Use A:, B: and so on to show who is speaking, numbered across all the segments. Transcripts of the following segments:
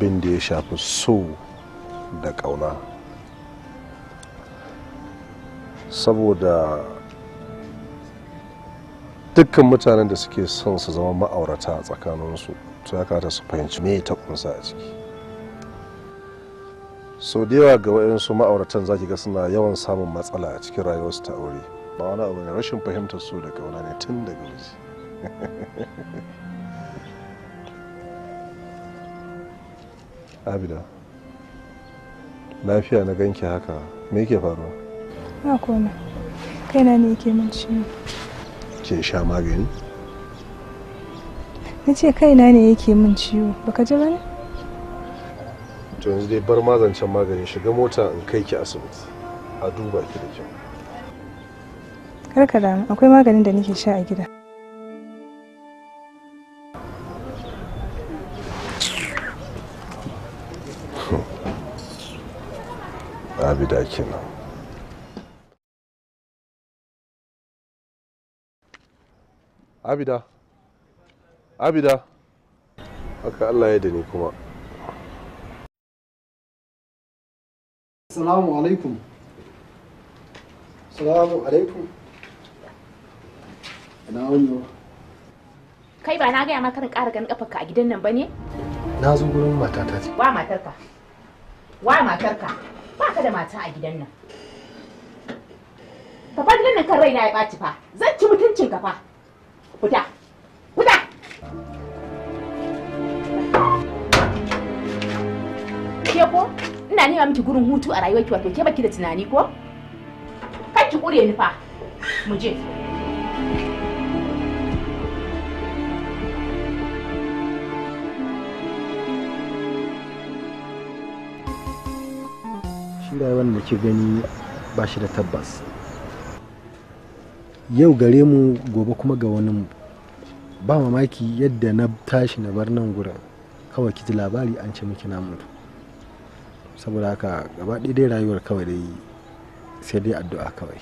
A: abin da ya shafi so da kauna saboda dukkan mutanen da suke son su zama ma'aurata a tsakaninsu to ya kata su fahimci me ta kunsa a ciki sau da yawa ga wayansu ma'auratan za ki ga suna yawan samun matsala a cikin rayuwarsu ta aure ba wani abu ne rashin fahimtar so da kauna ne tun daga waje abida lafiya na ganki haka me yake faruwa
B: ba komai kaina ne yake min ciwo
A: ke sha magani
B: na ce kaina ne yake min ciwo baka ji ba ne
A: to yanzu dai bar mazancen magani shiga mota in kai ki asibiti a duba ki da kyau
B: kar ka damu akwai maganin da nake sha a gida
A: abida nan. abida abida haka allah ya da ni kuma salamu alaikum
C: salamu alaikum ina wani
D: kai ba na gaya maka na ƙara ganin ƙafarka a gidan nan ba ne
C: na zo gurin matata ce
D: wa matarka wa matarka baka da mata a gidan nan ka bar nan kan raina ya ɓaci fa zan ci mutuncin ka fa fita fita ke ko ina nema miki gurin hutu a rayuwarki wato ke baki da tunani ko kar ki kure ni fa mu je
C: shi wanda da gani ba shi da tabbas yau gare mu gobe kuma ga wani ba mamaki yadda na tashi na bar nan gurin kawai kiji labari an ce miki na mutu saboda haka gaba dai rayuwar kawai dai sai dai addu'a kawai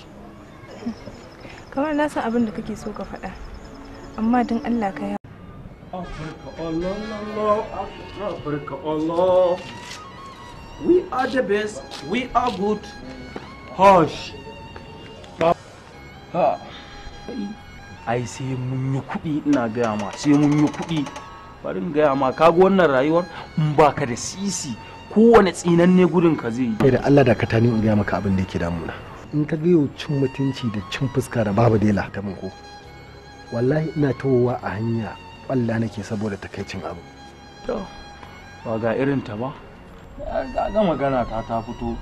B: kamar na san abin da kake so ka faɗa amma don allah ka yi
E: afirka allah allah afirka allah We are the best. We are good. Hush.
F: Ai sai mun yi kuɗi ina gaya ma sai mun yi kuɗi. Bari in gaya ma kaga wannan rayuwar in baka da sisi kowane tsinanne gudun ka zai yi. Kai
C: da Allah da ka tani in gaya maka abin da yake damuna. In ka ga yau cin mutunci da cin fuska da babu dela ta ko. Wallahi ina tawowa a hanya ƙwalla nake saboda takaicin abu.
F: To, ba ga irin ta ba. ga magana ta ta fito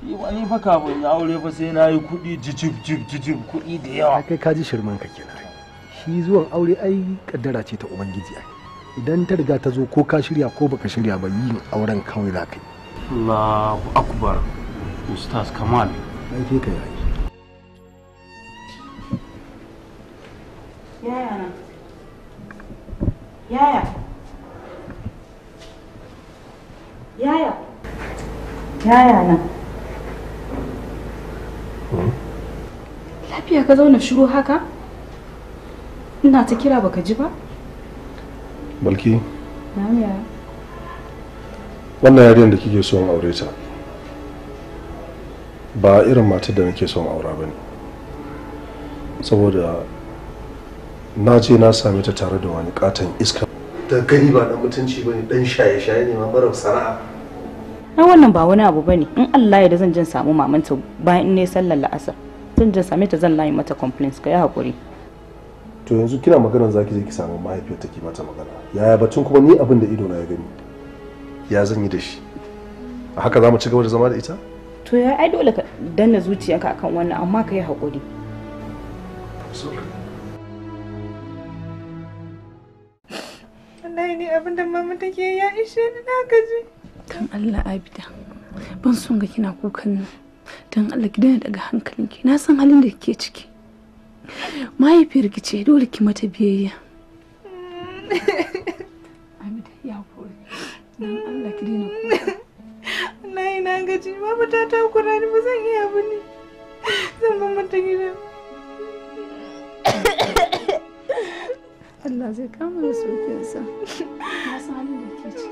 F: shi wani fa kafin ya aure fa sai na yi kuɗi jijib jijib kuɗi da yawa
C: kai ka ji shirman ka kenan shi zuwan aure ai kaddara ce ta ubangiji ai idan ta riga ta zo ko ka shirya ko baka shirya ba yin auren kawai za ka yi
F: Allahu akbar ustaz kamal ai kai
B: kai
G: yaya yaya Yaya. Yaya na. Hmm? Lafiya ka zauna shiru haka? Ina ta kira baka ji ba?
A: Balki. Wannan yariyar da kike son aure ta. Ba irin matar da nake son aura ba ne. Saboda na je na same ta tare da wani katon iska. Da gani ba da mutunci ba ne dan shaye-shaye ne ma marar sana'a.
G: ai wannan ba wani abu bane in Allah ya da zan jin samu mamanta bayan in ne sallar la'asar zan jin same ta zan layi mata complaints ka yi hakuri
A: to yanzu kina maganar zaki je ki samu mahaifiyar take mata magana yaya batun kuma ni abin da ido na ya gani ya zan yi da shi a haka za mu ci gaba da zama da ita
G: to ya ai dole ka danna zuciyarka akan wannan amma ka yi hakuri
B: wallahi ni abin da mama take ya ishe ni na gaji
D: kan Allah Abida ban son ga kina kukan nan dan Allah ki daina daga hankalinki na san halin da kike ciki mahaifiyar ki ce dole ki mata biyayya
B: Abida ya kore dan Allah ki daina kuka wallahi na gaji babu ta kura ni ba zan iya ni zan ban mata gida Allah zai kama da sokinsa na san halin da ke ciki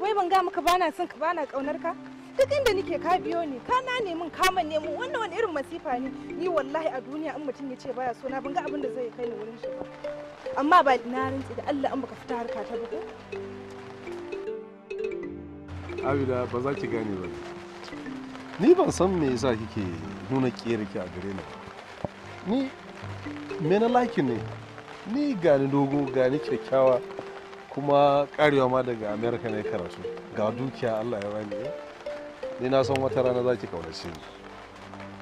B: wai ban ga maka bana son ka bana kaunar ka duk inda nike ka biyo ni ka na mun ka ne mun wannan wani irin masifa ne ni wallahi a duniya in mutum ya ce baya so na ban ga abin da zai kai ni wurin shi ba amma ba na rantsi da Allah an baka fita harka ta buku
A: Abida ba za ki gane ba ni ban san me yasa kike nuna ki a gare ni ni me na lakin ne ni gani dogo gani kyakkyawa kuma karewa ma daga amerika ne karatu ga dukiya allah ya bani ni na san wata rana za ki kaunace ni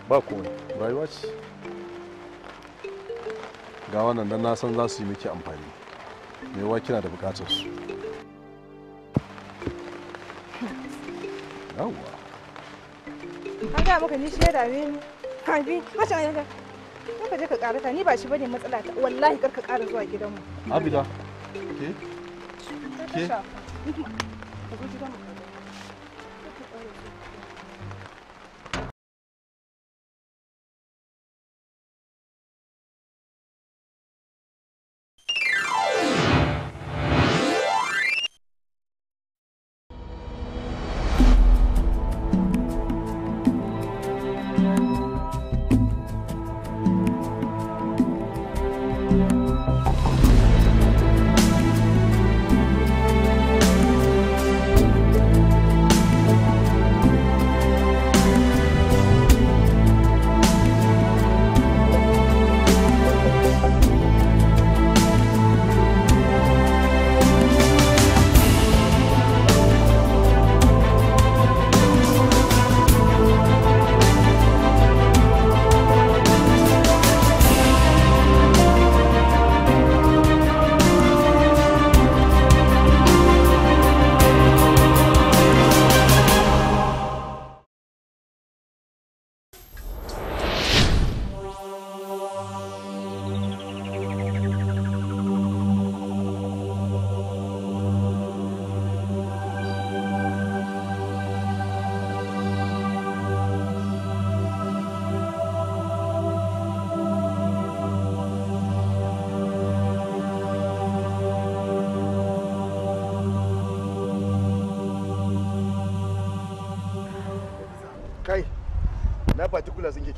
A: ba komai rayuwa ce ga wannan dan na san za su yi miki amfani me wa kina da bukatar su yawwa
B: an ga maka ni shi ya dame ni hanbi mace an yanka ka je ka karata ni ba shi bane matsala ta wallahi kar ka kara zuwa gidanmu
H: abida ke 是，
B: 嗯，我不知道。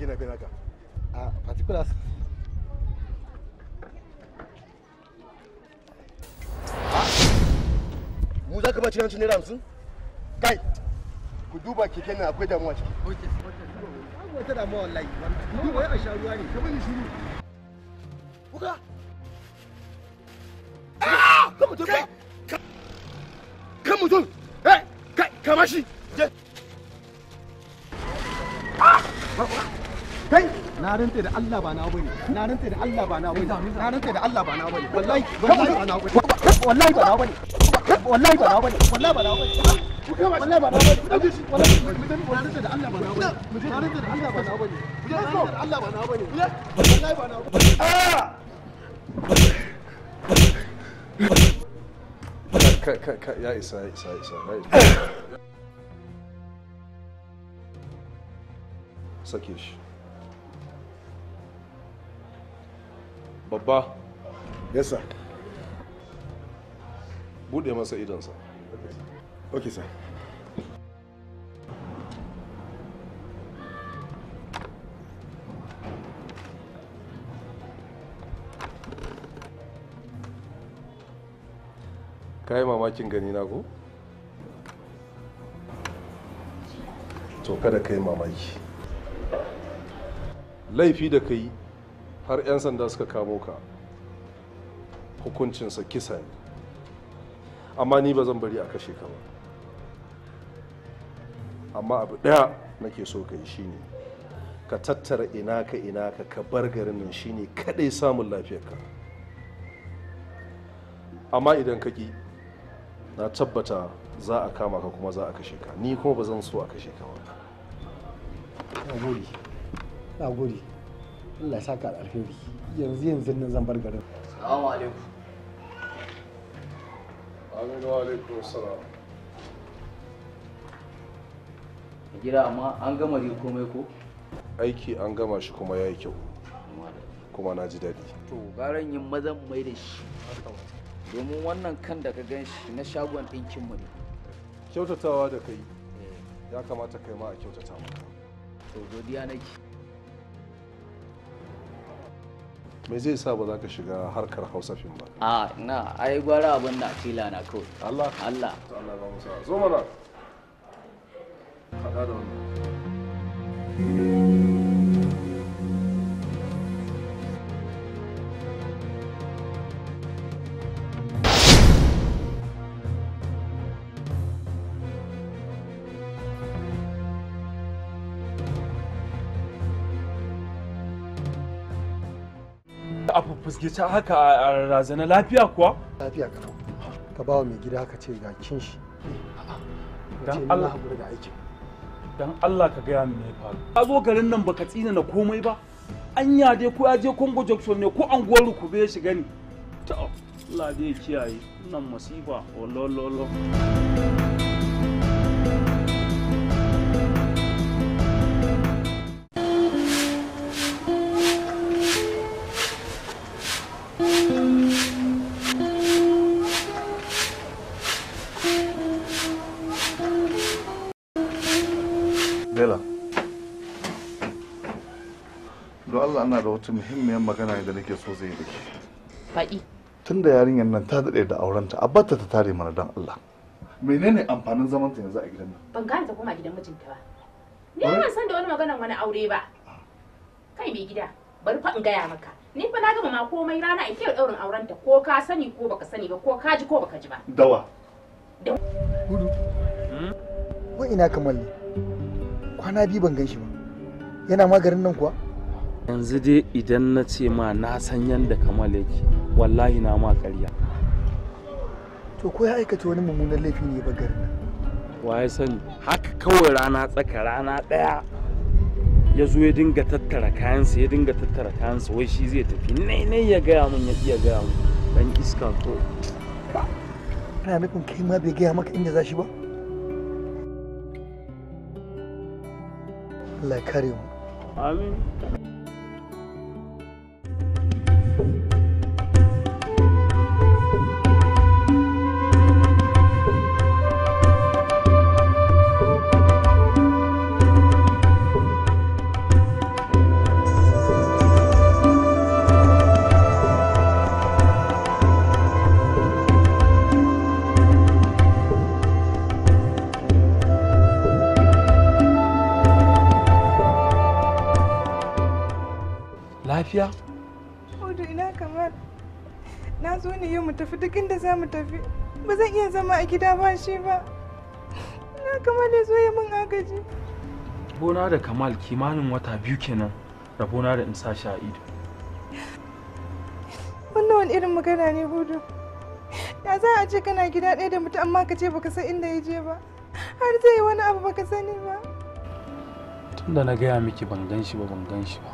C: yana a particulars mu za ka baci hancin naira hamsin kai ku duba keke na akwai damuwa ciki wata damuwa wallahi wani wai a sha ruwa ne kamar ni shiru kuka ah! kan mutum kan mutum eh, je ah kai na rantsa da Allah ba na bane na rantsa da Allah ba na bane na rantsa da Allah ba na bane
D: wallahi wallahi ba na bane wallahi ba na bane wallahi ba na bane wallahi ba na bane wallahi ba na bane wallahi da Allah ba na bane
C: rantsa da Allah ba na bane rantsa da Allah ba na bane wallahi ba na
A: bane ya isa ya isa ya isa ya isa sake shi babba yes sir bude masa idonsa okay sir ka yi mamakin gani na ko? to kada ka yi mamaki laifi da ka yi har 'yan sanda suka kamo ka hukuncinsa kisa ne amma ni ba zan bari a kashe ka ba amma abu ɗaya nake so ka yi shine ka tattara ina ka ina ka ka bar garin nan shine kaɗai samun lafiyarka amma idan ka ki na tabbata za a kama ka kuma za a kashe ka ni kuma ba zan so a kashe ka ba
C: na gode Allah saka alheri yanzu yanzu nan zan bar garin
A: assalamu alaikum amin wa alaikum assalam gida amma an gama dai komai ko aiki an gama shi kuma yayi kyau kuma na ji daɗi to
G: garan yin mazan mai da shi domin wannan kan da ka gan shi na shagon ɗinkin mu ne
A: kyautatawa da kai eh. ya kamata kai ma a kyautata maka to godiya nake me zai sa ba za ka shiga harkar hausa fim ba
G: a na ai gwara abin na fila na kawai allah allah allah ba musa zo mana
A: faɗa da wannan
F: firgita haka a razana lafiya kuwa lafiya kana ka ba mai gida ka ce ga kin shi dan Allah haƙuri da aikin dan Allah ka gaya min me faru ka zo garin nan baka tsina na komai ba anya dai ko ya je Congo Jackson ne ko anguwar Rukube ya shiga ne to Allah dai kiyaye nan masifa wallahi
H: wata muhimmiyar magana da nake so zai da ke faɗi tun da yarinyar nan ta daɗe da aurenta a batta ta tare mana don Allah menene amfanin zaman ta yanzu a gidan nan
D: ban gane ta koma gidan mijinta ba ni ba san da wani maganar wani aure ba kai mai gida bari fa in gaya maka ni fa na gama ma komai rana a kiyar daurin aurenta ko ka sani ko baka sani ba ko ka ji ko baka ji ba dawa gudu
C: wa ina kamal ne kwana biyu ban gan shi ba yana maganin
F: nan kuwa yanzu dai idan na ce ma na san yadda kamal yake wallahi na ma ƙarya
C: to ko ya aikata wani mummunan laifi ne ba garin
F: waye sani haka kawai rana tsaka rana ɗaya ya zo ya dinga tattara kayansa ya dinga tattara kayansa wai shi zai tafi nai nai ya gaya mun ya iya gaya mun dan iska ko
C: ana nufin kai ma bai gaya maka inda za shi ba Allah ya kare mu
E: amin
B: tafi ba zan iya zama a gida ba shi ba na kamar ya zo ya min agaji
F: rabona da kamal kimanin wata biyu kenan rabona da in sa shi ido
B: wannan wani irin magana ne hudu ya za a ce kana gida ɗaya da mutu amma ka ce baka san inda ya je ba har zai yi wani abu baka sani ba
F: tunda na gaya miki ban gan shi ba ban gan shi ba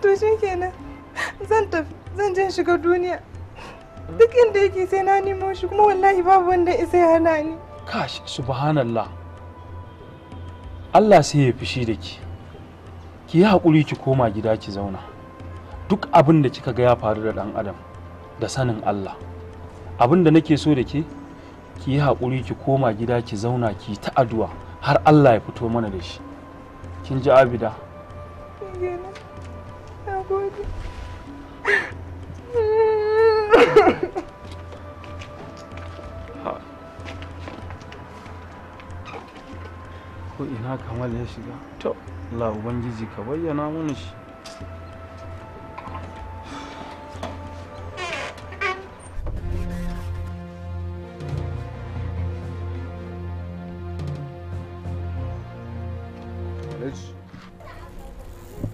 B: to shi kenan zan tafi zan je shiga duniya duk inda yake sai na nemo shi kuma wallahi babu wanda isa ya hana ni
F: kash subhanallah Allah sai ya fishi da ki ki yi haƙuri ki koma gida ki zauna duk abin da kika ga ya faru da ɗan adam da sanin Allah abin da nake so da ke ki yi haƙuri ki koma gida ki zauna ki ta addu'a har Allah ya fito mana da shi kin ji abida ko ina kamal ya shiga to la ubangiji ka bayyana mana shi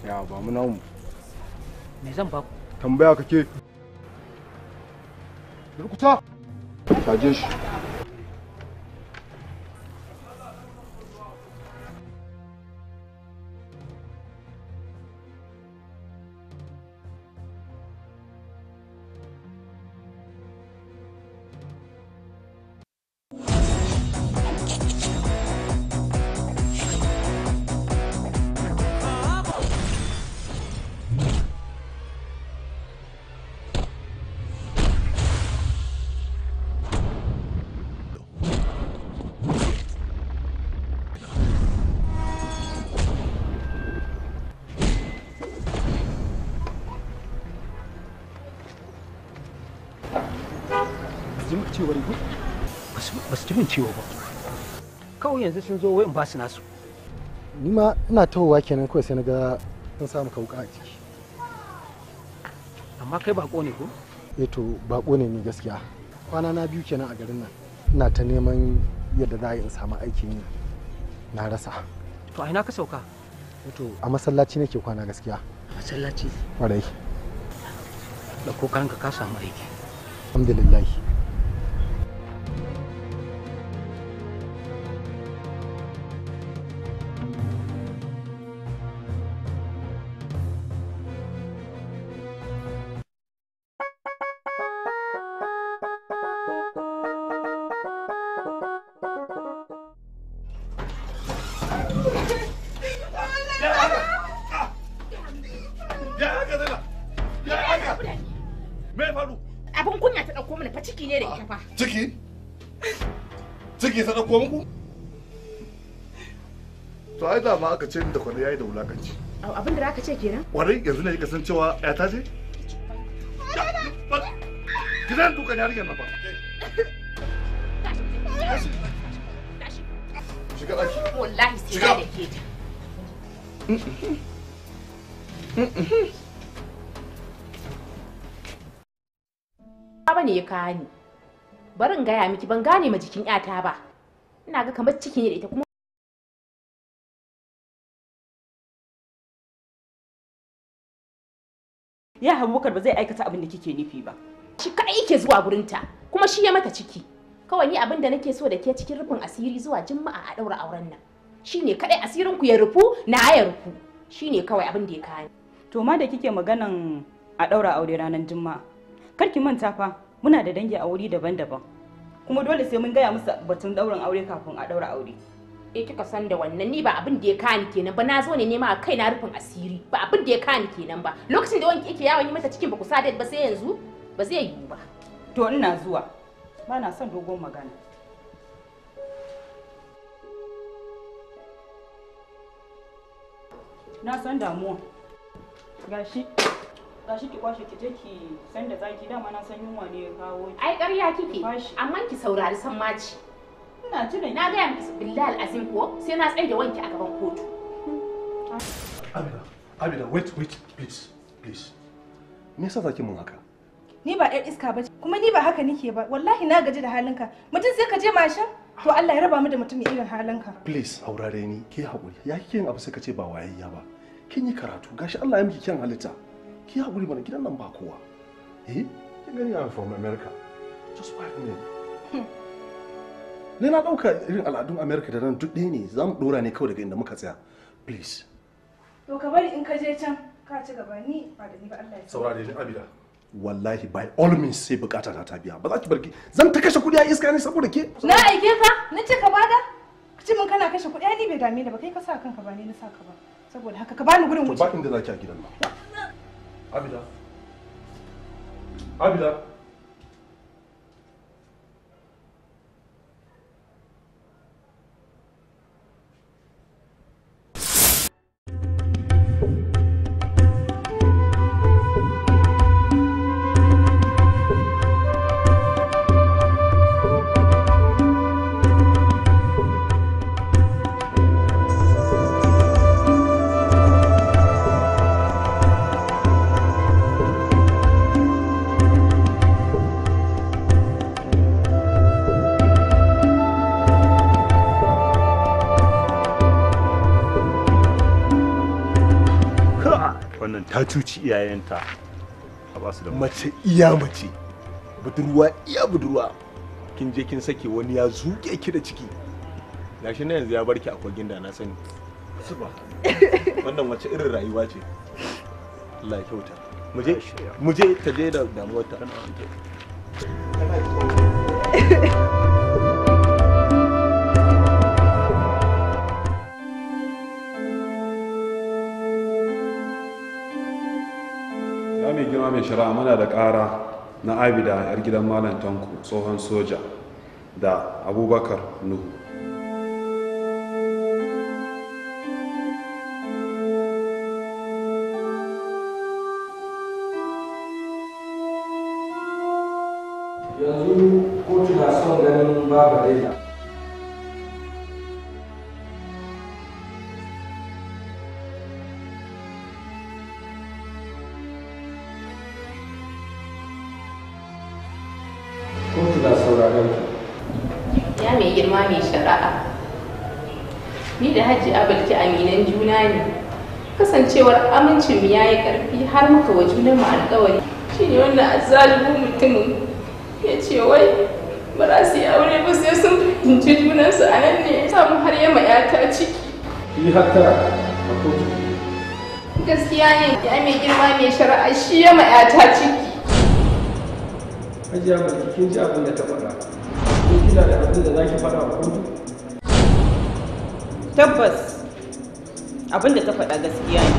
C: Ya ba mu namu. Me zan ba ku?
A: Tambaya kake. Rukuta. Kaje shi.
C: ji maka ciwo ne ba su ji cewa ba
G: kawai yanzu sun zo wayan ba su nasu
C: ni ma ina tawowa kenan kawai sai na ga sun samu kauka a ciki
E: amma kai bako ne ko
C: eh to bako ne ni gaskiya kwana na biyu kenan a garin nan ina ta neman yadda za in samu aikin na rasa to a ina ka sauka eh to a masallaci nake kwana gaskiya masallaci kwarai da ko ka samu aiki alhamdulillah
D: abin kunya ta ɗauko mana fa ciki ne da ita fa ah, ciki
H: ciki ta ɗauko muku to ai da ma aka ce da kwana yayi da wulakanci
D: abin da zaka ce kenan
H: kwarai yanzu ne ka san cewa ya ta ce gidan dukan yarinyar nan fa
D: shiga ɗaki wallahi sai da ke ta bane ya kawo ni barin gaya miki ban gane ma jikin yata ba ina ga kamar ciki ne da ita kuma ya Habu-Bukar ba zai aikata abin da kike nufi ba shi kaɗai yake zuwa gurinta kuma shi ya mata ciki kawai ni abin da nake so da ke cikin rufin asiri zuwa juma'a a ɗaura auren nan shine kadai asirin ku ya rufu na ya rufu
G: shine kawai abin da ya kawo to ma da kike maganan a ɗaura aure ranar juma'a kar ki manta fa muna da dangi a wuri daban-daban kuma dole sai mun gaya musu batun daurin aure
D: kafin a daura aure eh kika san da wannan ni ba abin da ya kani kenan ba na zo ne nema a kai na rufin asiri ba abin da ya kani kenan ba lokacin da wanki yake yawon yi mata cikin ba ku sadar ba sai yanzu ba zai yiwu ba
G: to ina zuwa
D: ba na son dogon magana
G: na san damuwa gashi tashi ki kwashe ki je ki san da zaki dama
D: na san yunwa ne ya kawo ki ai ƙarya kike amma ki saurari san maci ina jira na ga miki billahi azim ko sai na tsaye da wanki a gaban kotu
A: Abida Abida wait wait please please me yasa zaki mun haka
D: ni ba
B: ɗan iska ba kuma ni ba haka nike ba wallahi na gaji da halinka mutum sai ka je mashin to Allah ya raba mu da mutum irin halinka
A: please haurare ni ke haƙuri ya kike yin abu sai ka ce ba wayayya ba kin yi karatu gashi Allah ya miki kyan halitta ki haƙuri mana gidan nan ba kowa eh kin gani I'm from America just five minutes hmm. ne na ɗauka irin al'adun America da nan duk ɗaya ne za mu ɗora ne kawai daga inda muka tsaya please
B: to ka bari in ka je can ka ci gaba ni ba da ni ba Allah ya
A: saurare ni Abida wallahi by all means sai bukata ta biya ba za ki barki zan ta kashe kudi a iska ne saboda ke na
B: aike ka na ce ka bada kici mun kana kashe kudi ni bai dame da ba kai ka sa kanka ba ni na sa ka ba saboda haka ka bani gurin
A: wuce ba inda zaki a gidan ba Abi daha. Abi daha. wannan ta cuci iyayenta a ba su da mace iya mace budurwa iya budurwa kin je kin sake wani ya zuke ki da ciki gashi na yanzu ya barki a kogin da na sani wannan wace irin rayuwa ce Allah ya kyauta mu je mu je ta je da damuwarta shari'a muna da ƙara na abida 'yar gidan malam tanko tsohon soja da abubakar nuhu
D: mai girma mai shari'a ni da hajji abulki aminan juna ne kasancewar amincin mu yayi karfi har muka wa junan mu alƙawari shine wannan azzalimin mutumin ya ce wai ba za su yi aure ba sai sun fahimci junansu a nan ne ya samu har ma yata ciki
I: yi hattara
D: gaskiya ne ya mai girma mai shari'a shi ma yata ciki
I: Hajji Abulki kin ji abin da ta faɗa.
G: tabbas abin da ta faɗa gaskiya ne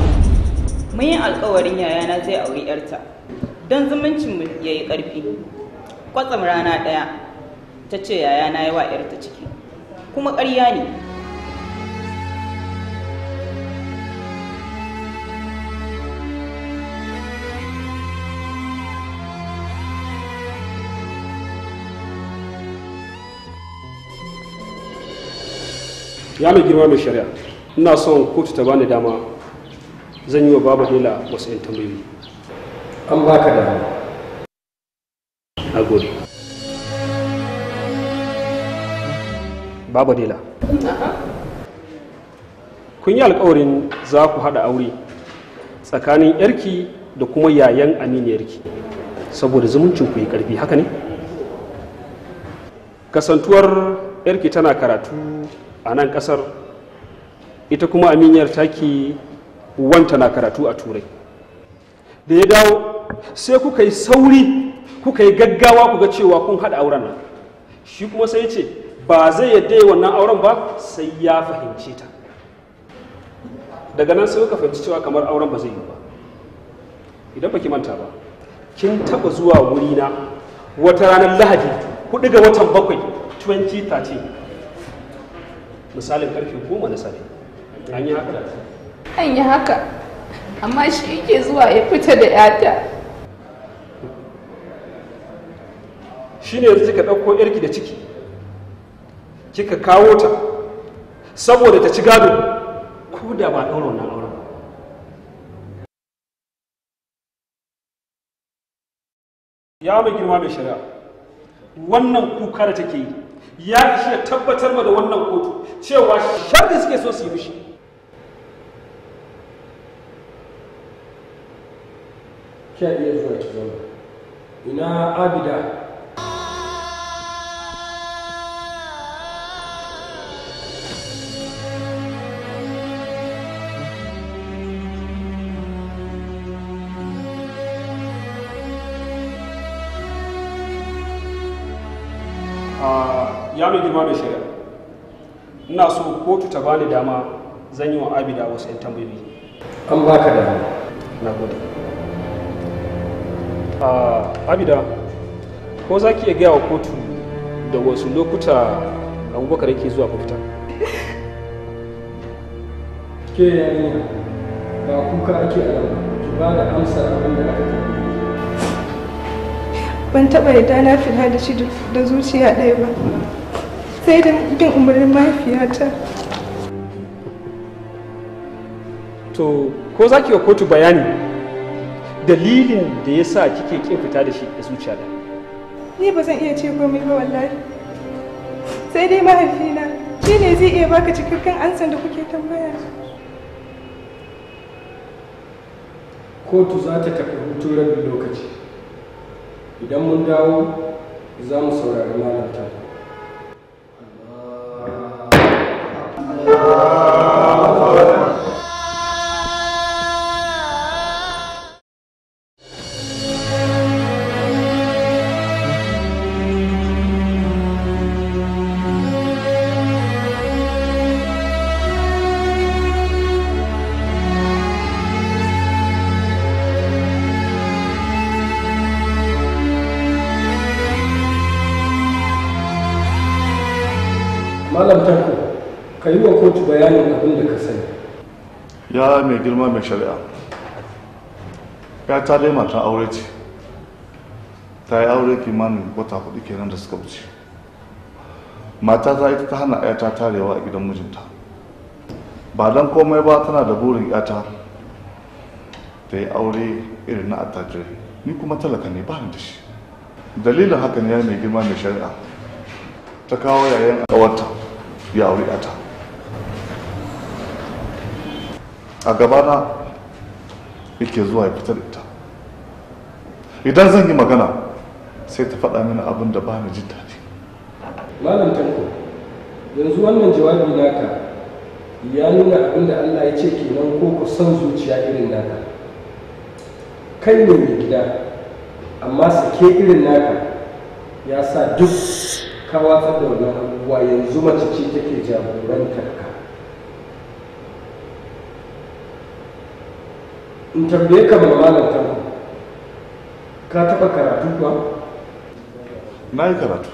G: mun yi alkawarin yayana zai auri yarta don zumuncin mu yi ƙarfi kwatsam rana ɗaya ta ce yayana ya wa yarta ciki kuma ƙarya ne
E: ya mai girma mai shari'a ina son kotu ta bani dama zan yi wa baba dila wasu 'yan tambayoyi an baka dama na gode baba kun yi alkawarin za ku haɗa aure tsakanin yarki da kuma yayan aminiyarki saboda zumuncin ku yi ƙarfi haka ne kasantuwar yarki tana karatu a nan kasar ita kuma aminiyar taki wanta na karatu a turai da ya dawo sai kuka yi sauri kuka yi gaggawa kuka cewa kun haɗa auren nan shi kuma sai ce ba zai yadda yi wannan auren ba sai ya fahimce ta daga nan sai kuka fahimci cewa kamar auren ba zai yi ba idan baki manta ba kin taba zuwa wurina wata ranar lahadi 4 ga watan bakwai 2013 misalin karfe goma na safe an yi haka
D: an yi haka amma shi yake zuwa ya fita da yata
E: shi ne yanzu kika ɗauko yarki da ciki kika kawo ta saboda ta ci gado ko da ba ɗaura na auren ya mai girma mai shari'a wannan kuka da take yi ya tabbatar ma da wannan kotu cewa sharri suke so su yi mishi
I: iya zuwa ina abida
E: ya mai girma da shari'a ina so kotu ta bani dama zan yi wa abida wasu 'yan tambayoyi an baka dama na gode ah, abida ko za ki iya gaya wa kotu da wasu lokuta abubakar yake zuwa mafita ke yarinya
I: ba kuka ake alama ki ba da amsa abin da aka tabbata
B: ban taɓa yadda na fita da shi da zuciya ɗaya ba sai da bin umarnin mahaifiyata
E: to ko za ki wa kotu bayani dalilin da ya sa kike ƙin fita da shi da zuciya ɗaya
B: ni ba zan iya ce komai ba wallahi sai dai mahaifina shi ne zai iya baka cikakken ansan da kuke tambaya
I: kotu za ta tafi hutu rabin lokaci idan mun dawo za mu saurari malam
H: girma mai shari'a ya ta dai matan aure ce ta yi aure kimanin wata ke kenan da suka wuce mata ita ta hana ta tarewa a gidan mijinta ba don komai ba tana da burin yata ta yi aure irin na attajirai ni kuma talaka ne ba da shi dalilin haka ne mai girma mai shari'a ta kawo yayan ƙawarta ya aure ta. a gabana yake zuwa ya fitar ita idan zan yi magana sai ta faɗa mini abin da ba ni jin daɗi
I: malam tanko yanzu wannan jawabi naka ya nuna abin da allah ya ce kenan ko ku san zuciya irin naka kai ne mai gida amma sake irin naka ya sa duk kawatar da wannan abubuwa yanzu mace ce take jagorantar in tambaye ka mai malam ta ka taba karatu kuwa
H: na yi karatu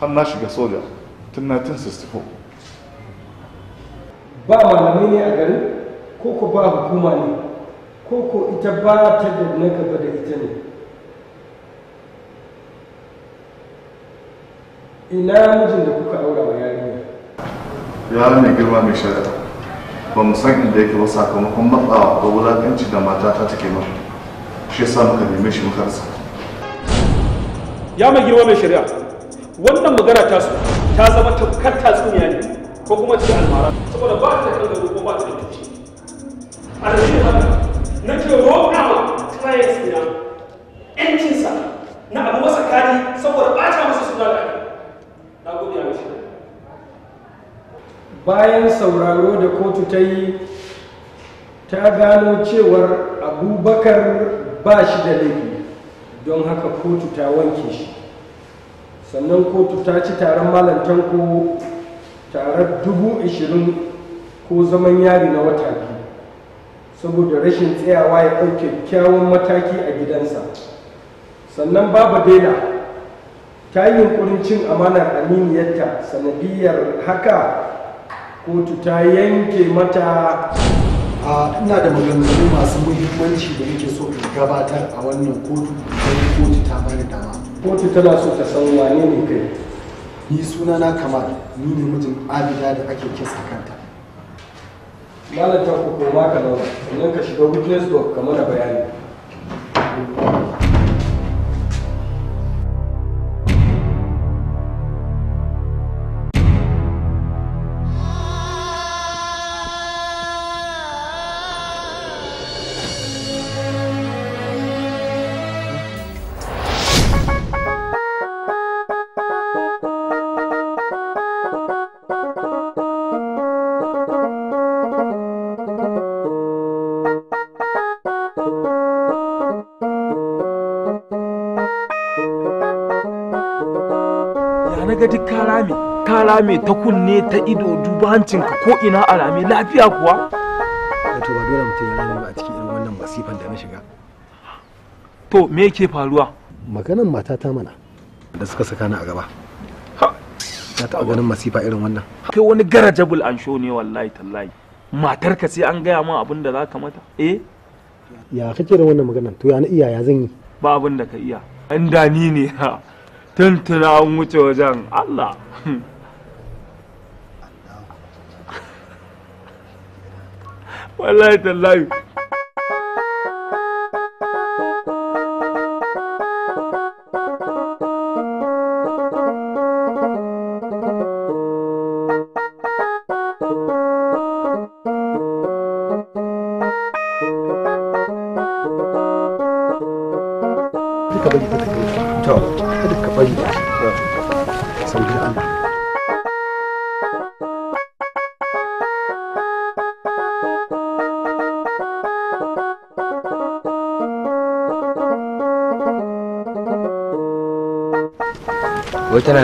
H: har na shiga soja tun 1964
I: ba malamai ne a garin ko ko ba hukuma ne ko ko ita ba ta da ka ba da ita ne ina mijin da kuka aura wa yarinya
H: ya mai girma mai shari'a ba mu san inda yake ba sakamakon matsawa ba wulaƙanci da matata take ma shi yasa muka neme shi muka rasa ya mai girma mai shari'a wannan magana ta su ta
E: zama tamkar tatsuniya ne ko kuma ce almara saboda ba ta kan gado ko ba ta da kici a rashin haka ke roƙa wa clients ɗina ƴancinsa na abu masa kari saboda ba ta masa suna da na gode a mai shari'a
I: bayan sauraro da kotu ta yi ta gano cewar abubakar ba shi da laifi don haka kotu ta wanke shi sannan kotu ta ci taron malantan ko tarar dubu ashirin ko zaman yari na wata biyu saboda rashin tsayawa ya ɗau kyakkyawan mataki a gidansa sannan babu daina ta yi yunkurin cin amanar aminiyarta sanadiyar haka kotu ta yanke mata
C: a ina da maganganu masu muhimmanci da nake so in gabatar a wannan kotu kotu ta bani dama kotu tana so ta san wane ne kai ni suna na kamar
I: ni ne mijin abida da ake kisa kanta malam ta ko koma ka nawa, sannan ka shiga witness box kamar bayani
F: rame ta kunne ta ido duba hancinka ko ina a rame lafiya kuwa
C: wato ba dole mutum ya rame ba a cikin irin wannan masifan da na shiga to me yake faruwa maganan matata mana da suka saka ni a gaba na taɓa ganin masifa irin wannan
F: kai wani garajabul an sho ne wallahi tallahi matarka sai an gaya ma abin da za ka mata eh
C: ya kake da wannan maganan to ya na iya ya zan yi
F: ba abin da ka iya an dani ne ha tuntuna an wuce wajen allah wallahi tallahi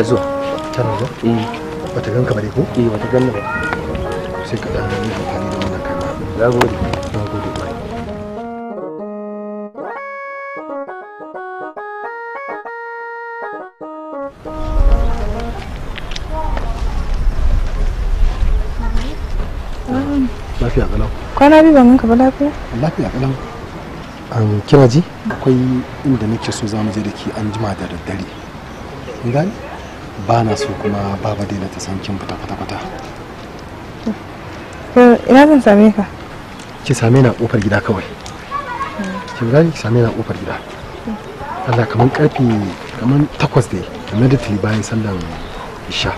B: tana zuwa mm.
C: bata ganka ko eh ba sai ka dan yi amfani da wannan bai lafiya kalau kwana
B: biyu ban ganka ba lafiya
C: lafiya kalau an kira ji akwai inda nake so za mu je da ke an jima da daddare gani ba na so kuma baba daina ta san kin fita kwata-kwata
B: to ina zan same ka
C: ki same na kofar gida kawai
B: hmm.
C: ki gani ki same na kofar gida Allah kaman karfi kaman takwas dai immediately bayan sallan isha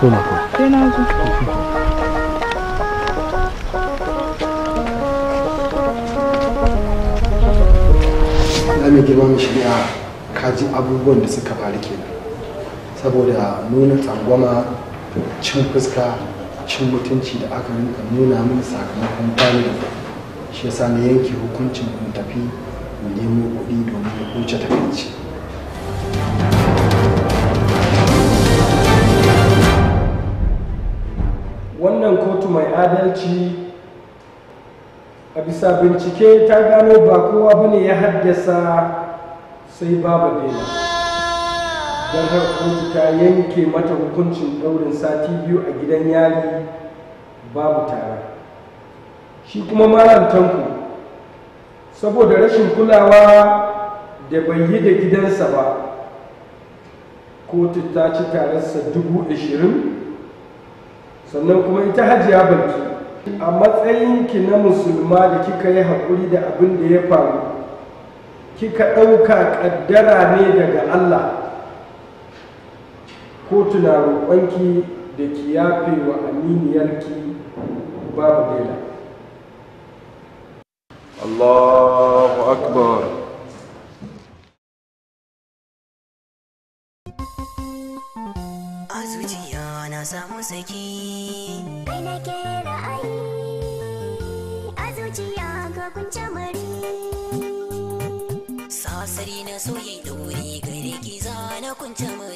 C: ko ma ko sai na zo Let me give him a kaji abubuwan da suka faru ke saboda nuna tsangwama cin fuska cin mutunci da aka rinka nuna mini sakamakon bani da shi yasa na yanke hukuncin in tafi mu nemo kuɗi domin ya huce takaici
I: wannan kotu mai adalci a bisa bincike ta gano ba kowa bane ya haddasa sai babu daina don har ta yanke mata hukuncin daurin sati biyu a gidan yari babu tara shi kuma malam tanku saboda rashin kulawa da bai yi da gidansa ba kotu ta ci tararsa dubu ashirin sannan kuma ita hajiya banki a matsayinki na musulma da kika yi haƙuri da abin da ya faru kika ɗauka ƙaddara ne daga Allah ko tuna roƙonki da ki yafe wa aminiyarki
F: babu daila
A: Allahu akbar
F: a zuciya na samu saki kai na ke
B: ra'ayi a zuciya ga kunce asiri na soyayya dore gare ki za na kunce mu